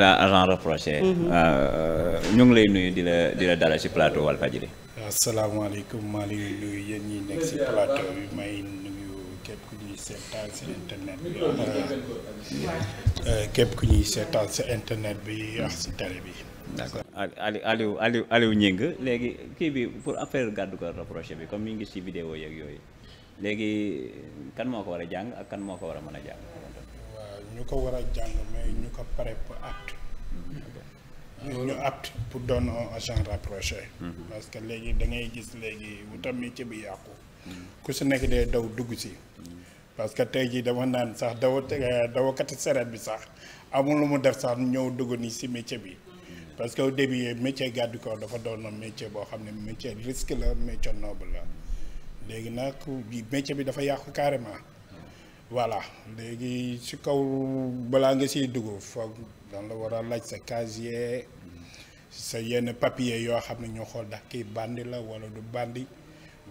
la agent reproché mhm. euh, ñu ngi lay nuyu di la di ci plateau Walfadjri asalaamaaleykum maa ngi lay nuyu nekk ci plateau bi képp ku ñuy seetaan ci internet bi euh, képp ku ñuy ak ci télé bi d'accord Aliou Aliou léegi kii bi pour affaire garde corps rapproché bi comme mi ngi gis ci vidéo yeeg yooyu léegi kan moo ko war a jàng ak kan moo ko war a mën a jàng ñu ko war jàng mais ñu ko pare ñu mm-hmm. apte pour doon agent rapproché mm-hmm. parce que léegi da ngay gis léegi wutam mi ci bi yàqu mm-hmm. ku si nekk dee daw dugg si parce que tey jii dama naan sax te daw eh, dawakati seret bi sax amul lu mu def sax ñëw dugg ni si métier bi parce que au début métier garde corps dafa doon métier boo xam ne métier risque la métier noble la léegi nag métier bi dafa yàqu carrément voilà léegi si kaw balaa nga siy dugg foog dan la war a laaj sa casier sa yenn papier yoo xam ne ñu xool ndax kii bandi la wala du bandi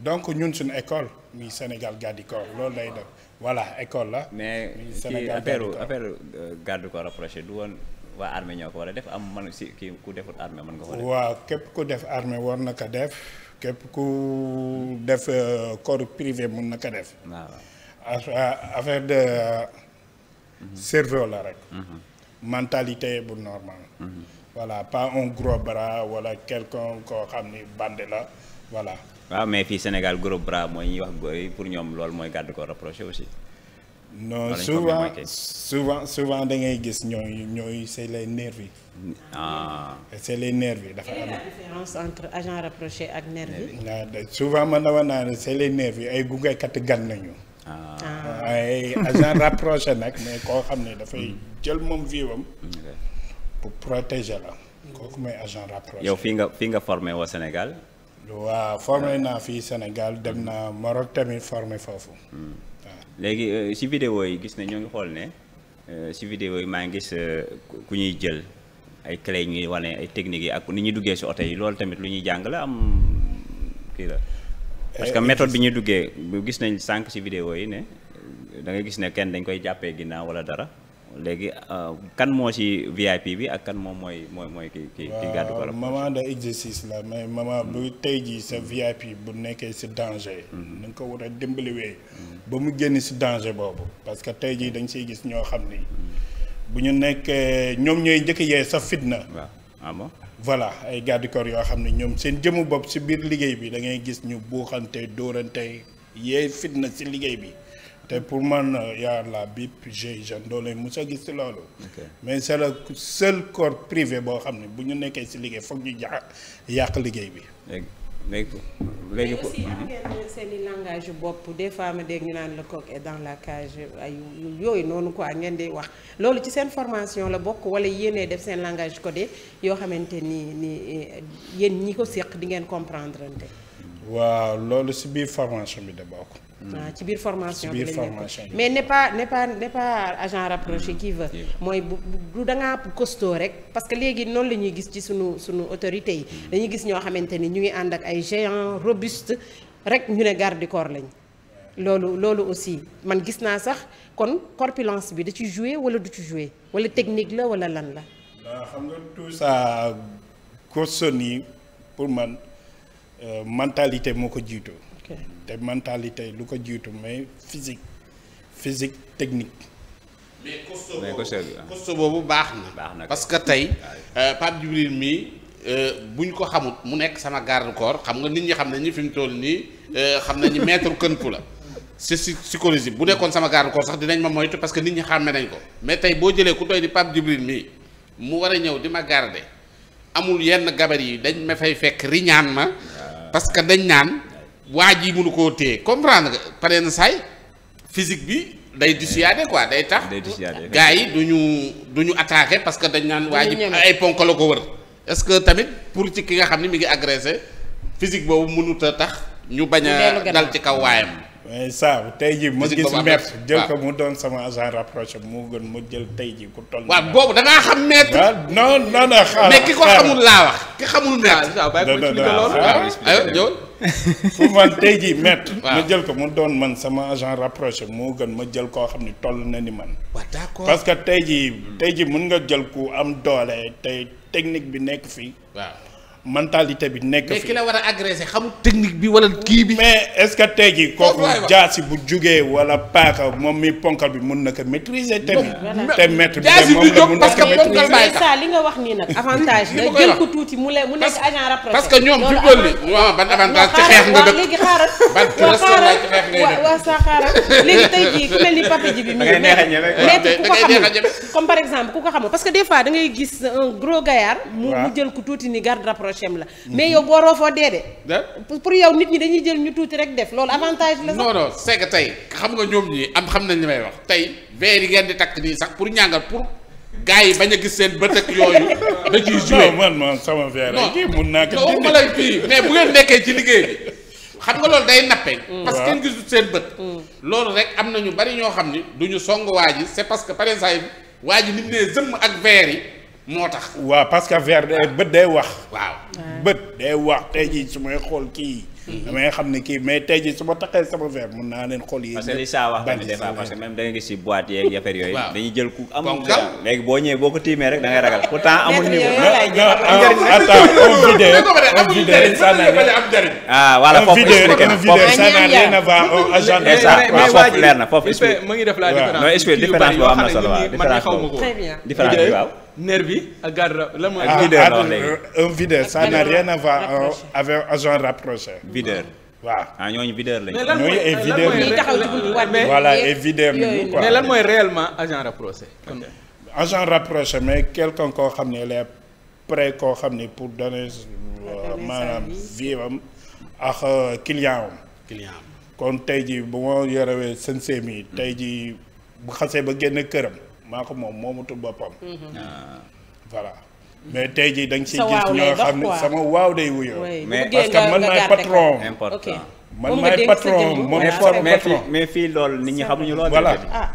donc ñun suñu école muy Sénégal garde corps loolu lay def voilà école la. mais ci affaire affaire euh, garde corps rapproché du woon waa armée ñoo ko am man si kii ku deful armée mën nga ko waaw képp ku def armée war na ko def képp ku def euh, corps privé mun na ko def. affaire de. Euh, mhm. cerveau la rek. Mhm. mentalité bu normal mm-hmm. voilà pas un gros bras wala quelqu'un koo xam ni bande la voilà waaw mais fii Sénégal gros bras mooy ñuy wax góor yi pour ñoom loolu mooy gàddu ko rapproché aussi non souvent souvent souvent da ngay gis ñooy ñooy c'est les nervis yi. ah c'est les nervis yi dafa am. la différence entre agent rapproché ak nervis yi. souvent man dama naa ne c'est les nervis yi ay gungekat gan nañu. Ah. Ah. ay agent rapproché nag mais koo xam ne dafay hmm. jël moom viwam hmm. pour protéger la kooku mooy agent rapproché yow fii nga fii nga formé woo Sénégal waa formé hmm. naa fii Sénégal dem na Maroc tamit formé foofu léegi euh, si vidéo yi gis ne ñoo ngi xool ne euh, si vidéo yi maa ngi gis euh, ku ñuy jël ay clé ñuy wane ay techniques yi ak ni ñuy duggee si oto yi loolu tamit lu ñuy jàng la am kii la parce que eh, méthode bi ñuy duggee bu gis nañ sànq ci vidéo yi ne da nga gis ne kenn dañ koy jàppee ginnaaw walla dara léegi euh, kan moo ci VIP bi ak kan moom mooy mooy mooy ki ki ki gàddu ko la moment de exercice la mais moment bu hmm. tey jii sa VIP bu nekkee ci danger hmm. na nga ko war a dimbaliwee hmm. ba mu génn ci danger boobu parce que tey jii dañ ciy gis ñoo xam ni bu ñu nekkee ñoom ñooy njëkk yee sa fitna ah voilà ay garde corps yoo xam ne ñoom seen jëmu bopp si biir liggéey bi da ngay gis ñu buuxante dóorante yee fitna si liggéey bi te pour man yaa la BIP GIGN doo leen mos a gis si loolu. mais c'est le seul corps privé boo xam ne bu ñu nekkee si liggéey foog ñu ja yàq liggéey bi. léegi léegi ko aussi am ngeen seen i langage yu bopp des fois ma dégg ñu naan la ko est dans la cage ay yooyu noonu quoi ngeen di wax loolu ci seen formation la bokk wala yéene def seen langage codé yoo xamante ni ni eh, yéen ñi ko seq di ngeen comprendre nte waaw loolu si biir formation bi de bokk. waaw hmm. ah, ci biir formation bi mais n'est pas n'est pas n'est agent rapproché qui veut mooy bu du da ngaa costaud rek parce que léegi noonu la ñuy gis ci suñu suñu autorité yi hmm. dañuy gis ñoo xamante ni ñu ngi ànd ak ay géants robustes rek ñu ne garde lañ loolu loolu aussi man gis naa sax kon corpulence bi da ci jouer wala du ci wala technique la wala lan la. waaw xam nii pour man. Euh, mentalité moo ko jiitoo te mentalité lu ko jiitu mais physique physique technique. mais costaud ah. boobu baax na. parce que tey euh, Pape Djibril mii euh, buñ ko xamut mu nekk sama garde xam nga nit ñi xam nañu fi mu toll nii xam nañu maître këntu la. si si psychologie bu nekkoon sama garde corps sax dinañ ma moytu parce que nit ñi xàmme nañ ko mais tey boo jëlee ku doy di Pape Djibril mii mu war a ñëw di ma garde amul yenn gabar yi dañ ma fay fekk riñaan ma. parce que dañ naan waa ji munu koo téye comprendre nga pare na saay physique bi day dissuader quoi day tax gars yi du ñu du ñu attaqué parce que dañ naan waa ji ay ponk la ko wër est-ce que tamit pour ci ki nga xam ne mi ngi agressé physique boobu mënut a tax ñu bañ a dal ci kaw waayam mais saa tey jii ma gis maître jël ko mu doon sama agent rapproché moo gën ma jël tey ji ku toll. waaw boobu da ngaa xam maître. Ah, non non non xamul laa wax. jël ko mu doon man sama agent rapproché moo gën ma jël koo xam ni toll na ni man. waaw d'accord parce que tey jii. tey jii mun nga jël ku am doole tey technique bi nekk fii. mentalité bi nekk fi mais la war a agressé xamul technique bi wala kii bi. mais est-ce que tey jii kooku jaasi bu jugee wala paaka moom mi ponkal bi mun na ko maîtriser. tamit te maître bi moom li nga wax nii nag mu le mu nekk agent rapproché. parce que ñoom fi mu waaw ban avantage ci xeex bi. da a ñeme ku ko xamul comme par exemple ku ko xamul parce que des fois da ngay gis gros gaillard mu jël ko tuuti ni garde rapproché projet la. mais yow boo roofoo dee de. pour yow nit ñi dañuy jël ñu tuuti rek def loolu avantage la. sax non non c'est tey xam nga ñoom ñii am xam nañ li may wax tey verre yi ngeen di takk nii sax pour ñàngal pour. gars yi bañ a gis seen bët ak yooyu. da ciy joué man man sama verre ak mun naa ko waxuma la fii mais bu ngeen nekkee ci liggéey bi. xam nga loolu day nappe. Mm. parce que kenn gisul seen bët. Mm. loolu rek am na ñu bari ñoo xam ni duñu song waa ji c'est parce que par exemple waa ji ni nee zëmm ak yi. moo tax. waaw parce que ver bët day wax. waaw bët day wax tey jii su may xool kii. damay xam ne kii mais tey jii su ma taxee sama verre mun naa leen xool yi. parce que li saa wax tamit des fois parce que même da nga gis si boîte yeeg affaire yooyu. dañuy jël ku amul. léegi boo ñëwee boo ko tiimee rek da ngay ragal pourtant amul niveau. ah voilà foofu expliqué na foofu. foofu leer na foofu expliqué. mu ngi def la différence. non expliqué différence boobu am na solo waaw différence boobu. différence bi waaw. nervi ak garde lan mooy. Ah, ak videur la ah, léegi un videur ça n'a rien à voir avec agent rapproché. videur. waaw ah ñooñu videur lañu. mais lan mooy lan mais lan mooy réellement agent rapproché. mais quelqu'un koo xam ne les prêts koo xam ne pour donner euh, maanaam vivam ak euh, client am. kon tey ji bu ma yorewee seen semis. tey ji bu xasee ba génn këram. maa ko moom moomutul boppam. Mhm. Ah. voilà mais tey jii da nga ciy gis ñoo xam ne sama waaw day wuyoo. mais parce que man maay patron. man maay patron moom sama mais fii lool nit ñi xamuñu loolu. voilà ah.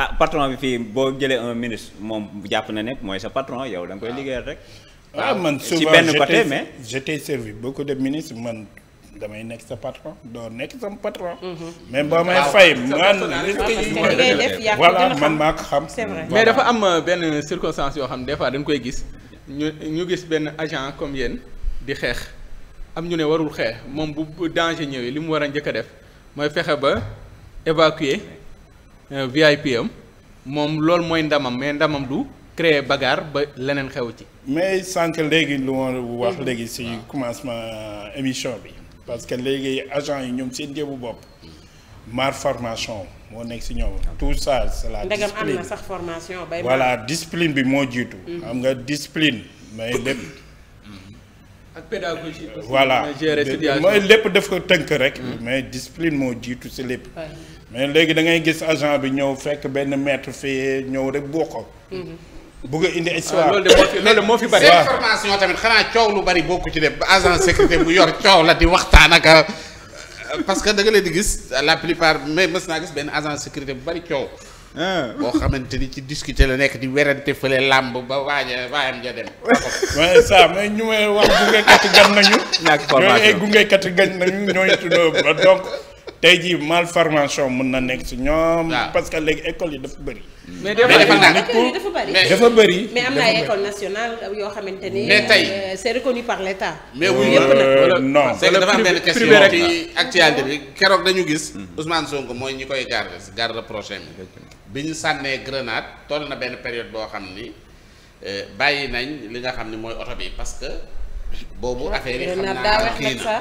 ah patron bi fii boo jëlee un ministre moom jàpp na ne mooy sa patron yow da koy ah. liggéeyal rek. ah man souvent ci benn côté mais. j'étais servi beaucoup de ministres man. damay nekk sa patron doo nekk sama patron. Mhm. même boo may fay. man voilà man maa xam. c'est mais dafa am euh, benn circonstance yoo xam ne des fois dañ koy gis ñu ñu gis benn agent comme yéen di xeex am ñu ne warul xeex moom bu danger ñëwee li mu war a njëkk a def mooy fexe ba évacuer euh, VIP am moom loolu mooy ndamam mais ndamam du. créer bagarre ba leneen xew ci. mais sànq léegi lu ma wax mhm. léegi ci commencement émission bi. parce que léegi agent yi ñoom seen jëbu bopp mar formation moo nekk si ñoom tout ça c'est la ndegam am sax formation voilà discipline bi moo jiitu mm-hmm. xam nga discipline mais lépp mm-hmm. ak pédagogie lépp daf ko tënk rek mm-hmm. mais discipline moo jiitu si lépp mais léegi da ngay gis agent bi ñëw fekk benn maître fii ñëw rek boo ko bëgg a indi ah, histoire loolu de moo fi loolu de moo fi bari. waaw seen formation tamit xanaa coow lu bari bokku ci dem ba agent sécurité bu yor coow la di waxtaan ak euh, parce que da nga leen di gis la plupart mais mës naa gis benn agent sécurité bu bari coow. Ah. boo xamante ni ci discuté la nekk di werante fële làmb ba waaja waayam ja dem. waaye ça mais ñu may wax gungeekatu gan nañu. ñàkk ñooy ay gungeekatu gan nañu tey jii malformation mën na nekk si ñoom. Ah. parce que léegi école yi dafa bëri. mais dafa bëri mais am na ay école nationale yoo xamante ni. mais tey euh, c'est reconnu par mais wuy euh, non c'est que dafa am benn question ci actualité bi keroog dañu gis. Hmm. Ousmane Sonko mooy ñi koy garde si garde prochain bi. bi ñu sànnee grenade toll na benn période boo xam ni euh, bàyyi nañ li nga xam ni mooy oto bi parce que boobu affaire yi xam naa kii na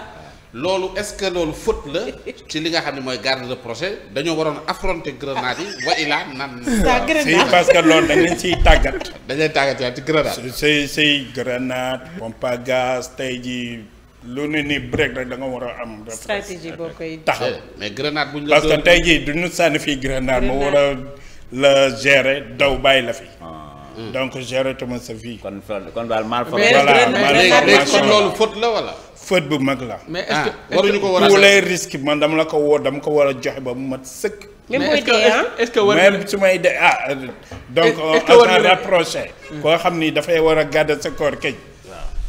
loolu est-ce que loolu faute la ci li nga xam ne mooy garde de projet dañoo waroon affronter grenade yi wa ilaa nan. Euh, si parce que loolu dañ leen ciy tàggat. dañ leen tàggat yaa ci grenade. say say grenade. pompe à gaz tey jii lu ne nii break rek da nga war a am. tax boo mais grenade bu ñu la parce que tey jii du ñu sànni fii grenade. grenade moo war a la gérer daw bàyyi la fi. Ah. Mm. donc gérer tuma sa vie. kon kon daal malformation. voilà kon la wala. faute bu mag la. mais est-ce que ah, waruñu ko war a. tous man dama la ko woo dama ko war a joxe ba mu mat sëkk. même booy dee est-ce ah? su may dee ah. Euh, donc on mm. xam ni dafay war a garder sa corps keñ.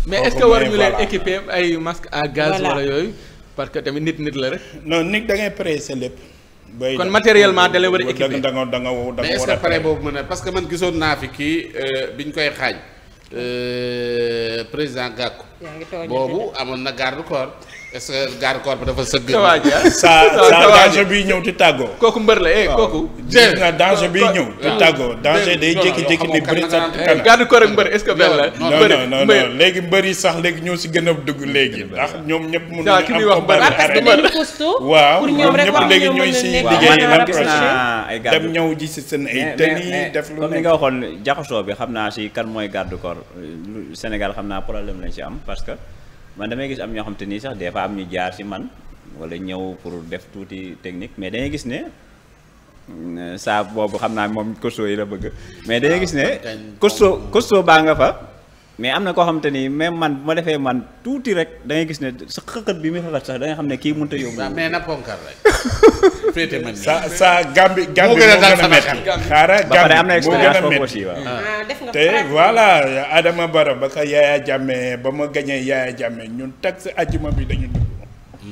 mais est war ñu leen équiper ay masque à gaz. wala yooyu parce que tamit nit nit la rek. non nit da ngay pressé lépp. kon matériellement da leen war a équipé da nga da nga da nga war a pare boobu mën a parce que man gisoon naa fi kii euh, bi ñu koy xaaj euh, président Gakou boobu amoon na garde corps est-ce que garde corps bi dafa sëgg. sa sa danger bi ñëw di tàggoo. kooku mbër la eh kooku. danger ñëw tàggoo. danger day jékki-jékki di bëri sax kanam. garde corps ak est-ce que benn la. non léegi mbër yi sax léegi ñëw si gën a dugg léegi. ndax ñoom ñëpp mënuñu am ko bëri xare. waaw pour ñoom ñëpp léegi ñooy si liggéey lan projet dem ñëw ji si seen ay tëni def lu comme nga waxoon jaxasoo bi xam naa si kan mooy garde corps Sénégal xam naa problème lañ si am parce que man damay gis am ñoo xam te nii sax des fois am ñu jaar ci man wala ñëw pour def tuuti technique mais dañuy gis ne. Euh, saab boobu xam naa moom costaud yi la bëgg mais dañuy gis ne ah, costaud costaud baa nga fa mais am na koo xam te ni même man bu ma defee man tuuti rek da gis ne sa xëqët bi muy xëqët sax da xam ne kii mënut a yóbbu mais na ponkal rek féete man sa sa Gambie Gambie moo gën a metti xaara Gambie moo gën a metti ah, te voilà Adama Barrow ba ko Yaya Jammeh ba ma gañee Yaya Jammeh ñun tag si ajuma bi dañu dugg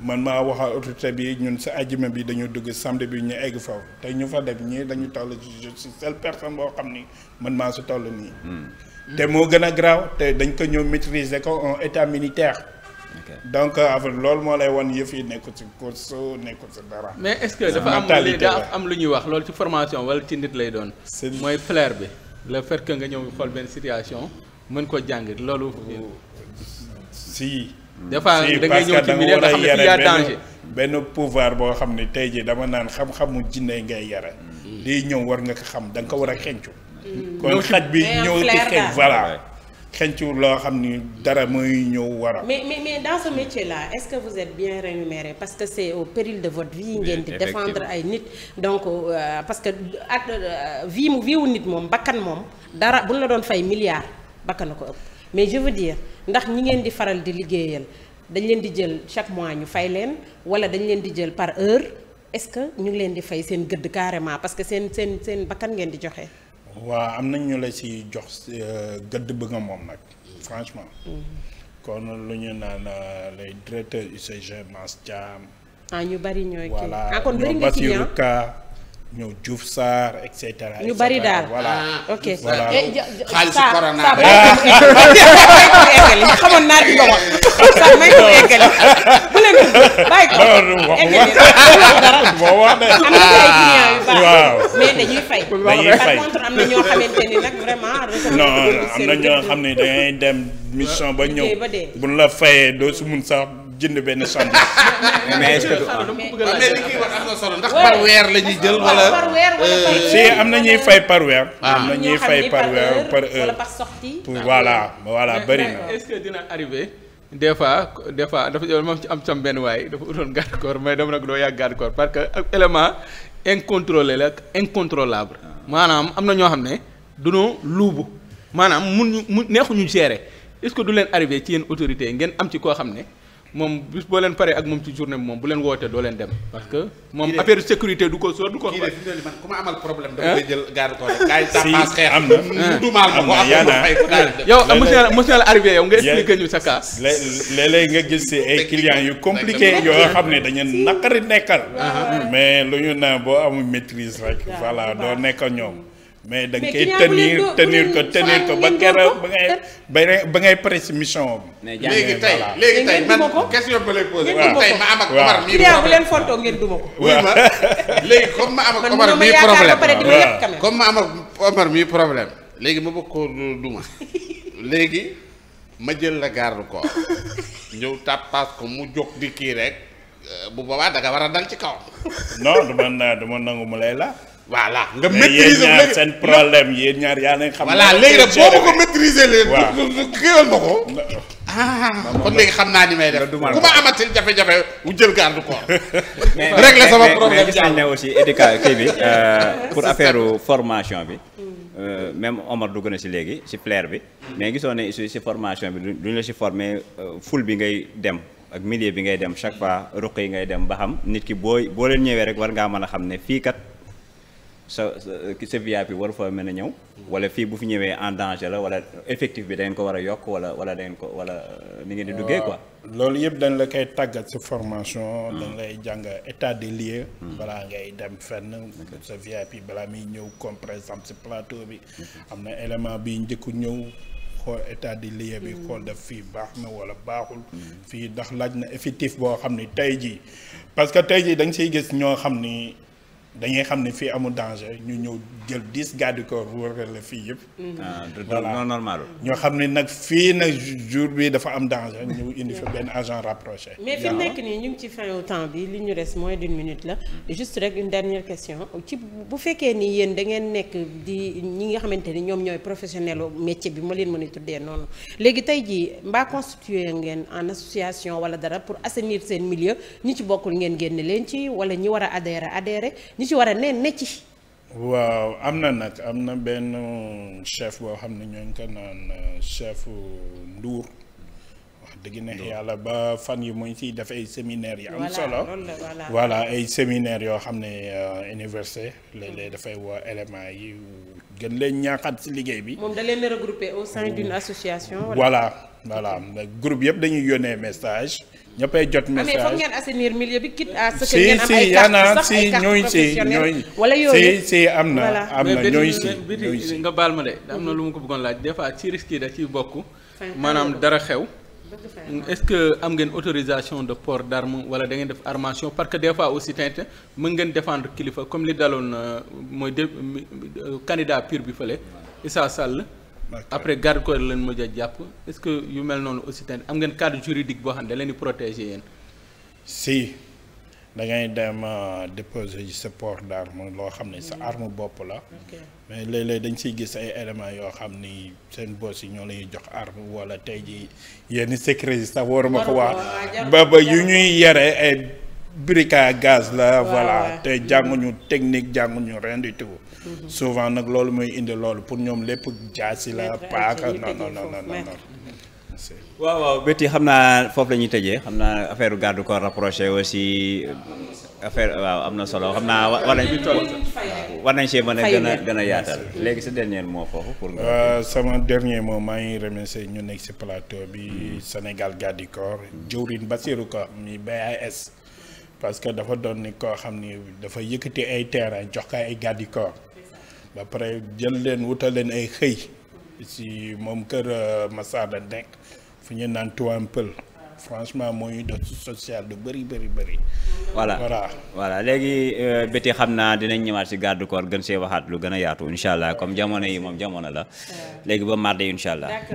man maa wax a autorité bi ñun si ajuma bi dañu dugg samedi bi ñu egg foofu te ñu fa def ñii dañu toll je suis seule boo xam ni man maa si toll nii hmm. te moo gën a graaw te dañ ko ñëw maîtriser ko en état militaire donc euh, avec loolu moo lay wan yëf yi nekkul ci course nekkul ci dara. mais est-ce que dafa am lu daa am ñuy wax loolu ci formation walla ci nit lay doon. mooy flair bi. le fait nga ñëw xool benn situation mën ko jàng loolu. Oh, si. des fois da ngay ñëw ci milieu xam benn pouvoir boo xam ne tey jii dama naan xam-xamu jinne ngay yara mm. lii ñëw war nga ko xam da ko war a xencu mm. kon xaj bi ñëw ci xeeñ voilà. xenciwul loo xam ni dara mooy ñëw war mais mais mais dans ce la là est ce que vous êtes bien rémunéré parce que c' est au péril de votre vie. ngeen di défendre ay nit. donc euh, parce que at euh, vie mu viwu nit moom bakkan moom dara bu ñu la doon fay milliard bakkan na ko ëpp mais je veux dire ndax ñi ngeen di faral di liggéeyal dañ leen di jël chaque mois ñu fay leen wala dañ leen di jël par heure est ce que ñu ngi leen di fay seen gëdd carrément parce que seen seen seen bakkan ngeen di joxe. waaw am nañ ñu la si jox gëdd bëgg a moom nag franchement. kon lu ñu naan les directeurs UCG Mass Thiam. ah ñu bari ñooy kii ah kon bari nga ci ñëw Diouf Sarr et cetera. ñu bari daal voilà ok. xaalisu corona xamoon naa di ko wax sax may ko eggali leen bàyyi ko wax na waaw mais dañuy fay dañuy fay par am na ñoo xam ne dangay dem mission ba ñëw bu ñu la fayee doo su mun sax jënd benn son mais est euh, am na ñuy fay par weer. Ah. am na ñuy fay par weer par heure. voilà voilà bëri des fois des fois dafa jël moom ci am sam benn waay dafa utoon garde corps mais dama nag doo yàgg garde corps que ak élément incontrôlé la ak incontrôlable maanaam am na ñoo xam ne dunoo luubu maanaam mun ñu mu neexuñu gérer est-ce que du leen arrivé ci yéen autorité ngeen am ci koo xam ne moom bis boo leen pare ak moom ci journée bi moom bu leen wootee doo leen dem parce que moom affaire sécurité du ko soo du ko kii de fi man ma amal jël garde corps gaay tàmbaas xeer am na dumaal ma ko affaire yow monsieur monsieur arrivé yow nga expliqué ñu sa cas léeg-léeg nga gis si ay clients yu compliqué yoo xam ne dañu naqari nekkal mais lu ñu na boo amul maîtrise rek voilà doo nekk ñoom mais da nga koy tenir tenir ko tenir ko ba keroog ba ngay ba ngay presse mission bi. léegi tey man question ba lay posé. ma am ak Omar mii problème bu leen fontoo ko. waaw léegi ma am bëgg koo duma léegi ma jël la garde ko ñëw tàppaas ko mu jóg di kii rek euh, bu boobaa da nga war a dal ci kaw. non du ma naa nangu mu lay la. voilà nga maîtriser léegi seen problème yéen ñaar yaa leen xam. voilà léegi nag boo ma ko maîtriser leen. waaw ma ko. Oh. ah léegi xam naa ni may def. ku ma amatil jafe-jafe wu jël garde corps. régler sama problème jàll bi euh, pour affaire formation bi. Euh, même Omar dugg na si léegi si flair bi. mais gisoon ne si formation bi duñ la si former euh, ful bi ngay dem. ak milieu bi ngay dem chaque fois ruq yi ngay dem ba xam nit ki booy boo leen ñëwee rek war ngaa mën a xam ne fii kat. Euh, sa sa VIP war fa mën a ñëw. wala fii bu fi ñëwee en danger la wala effectif bi da ko war a yokk wala wala da ko wala ni ngeen di duggee ko loolu yëpp dañ la koy tàggat ci formation. Hmm. dañ lay jàng état des lieux. balaa hmm. ngay dem fenn. sa VIP balaa muy ñëw comme par exemple ci plateau bi. am na élément bi njëkk ñëw. xool état di lieu bi hmm. xool def fii baax na wala baaxul fii ndax laaj na effectif boo xam ni tey jii parce que tey jii da nga gis ñoo xam ni dañuy xam ne fii amul danger ñu ñëw jël dix garde corps wër la fii yëpp. Ah, non normal ñoo xam ne nag fii nag jour bi dafa am danger ñu indi fa benn agent rapproché. mais fi mu nekk nii ñu ngi ci fin au temps bi li ñu des moins d'une minute la juste rek une dernière question ci bu fekkee ni yéen dangeen nekk di ñi nga xamante ni ñoom ñooy professionnel métier bi ma leen mën a tuddee noonu léegi tey jii mbaa constitué ngeen en association wala dara pour assainir seen milieu ñi ci bokkul ngeen génne leen ci wala ñi war a adhérer adhérer. ci war a ne ci. waaw am na nag am na benn chef boo xam ne ñooñ ko naan euh, chef Ndour. dëgg neex yàlla ba fan yi muy ciy def ay séminaires yi am solo voilà ay séminaires yoo xam ne euh, université léeg-léeg dafay woo éléments yi gën leen ñaaxaat si liggéey bi moom da leen groupe yëpp dañuy yónnee message ñëppay jot message ah, mais foog ngeen assainir milieu bi quitte à wala si si am na am na ñooñu si ñooñu si nga baal ma de am na lu ma ko bëggoon laaj des fois ci risque yi da ciy bokk maanaam dara xew mm, est-ce que am ngeen autorisation de port d'arme wala da ngeen def armation parce que des fois aussi tamit mën ngeen défendre kilifa comme li daloon euh, mooy euh, candidat pur bi fële sa Sall après garde corps leen mujj a jàpp est-ce que yu mel noonu aussi tamit am ngeen cadre juridique boo xam ne da leen di protéger si da ngay dem euh, déposer ci sa port d'arme loo xam ne sa hmm. arme bopp la. mais léeg-léeg dañ siy gis ay éléments yoo xam ni seen boss yi ñoo lay jox arme wala tey ji yenn secret yi sax waruma ko wax. ba yu ñuy yare ay. briquet à gaz la. voilà te jànguñu technique jànguñu rien du tout. Mhm. souvent nag loolu mooy indi loolu pour ñoom lépp jaasi la paaka non non non non waaw waaw bétti xam naa foofu la ñuy tëjee xam naa affaire garde corps rapproché aussi affaire waaw am na solo xam naa war nañ war nañ see mën a gën a gën a yaatal léegi sa dernier mot foofu pour nga euh, sama dernier mot maa ngi remercier ñu nekk si plateau bi Sénégal garde corps jëwrin Basirou Ka mi BAS parce que dafa doon ni koo xam ni dafa yëkkati ay terrain jox ko ay garde du ba pare jël leen wutal leen ay xëy si moom kër euh, Massar da nekk fu ñu naan Tuampel franchement moo ñu def social lu bëri bëri bëri. voilà voilà voilà léegi euh, béti xam naa dinañ ñëwaat si garde gën see waxaat lu gën a yaatu incha allah comme jamono yi moom jamono la euh, léegi ba mardi incha allah.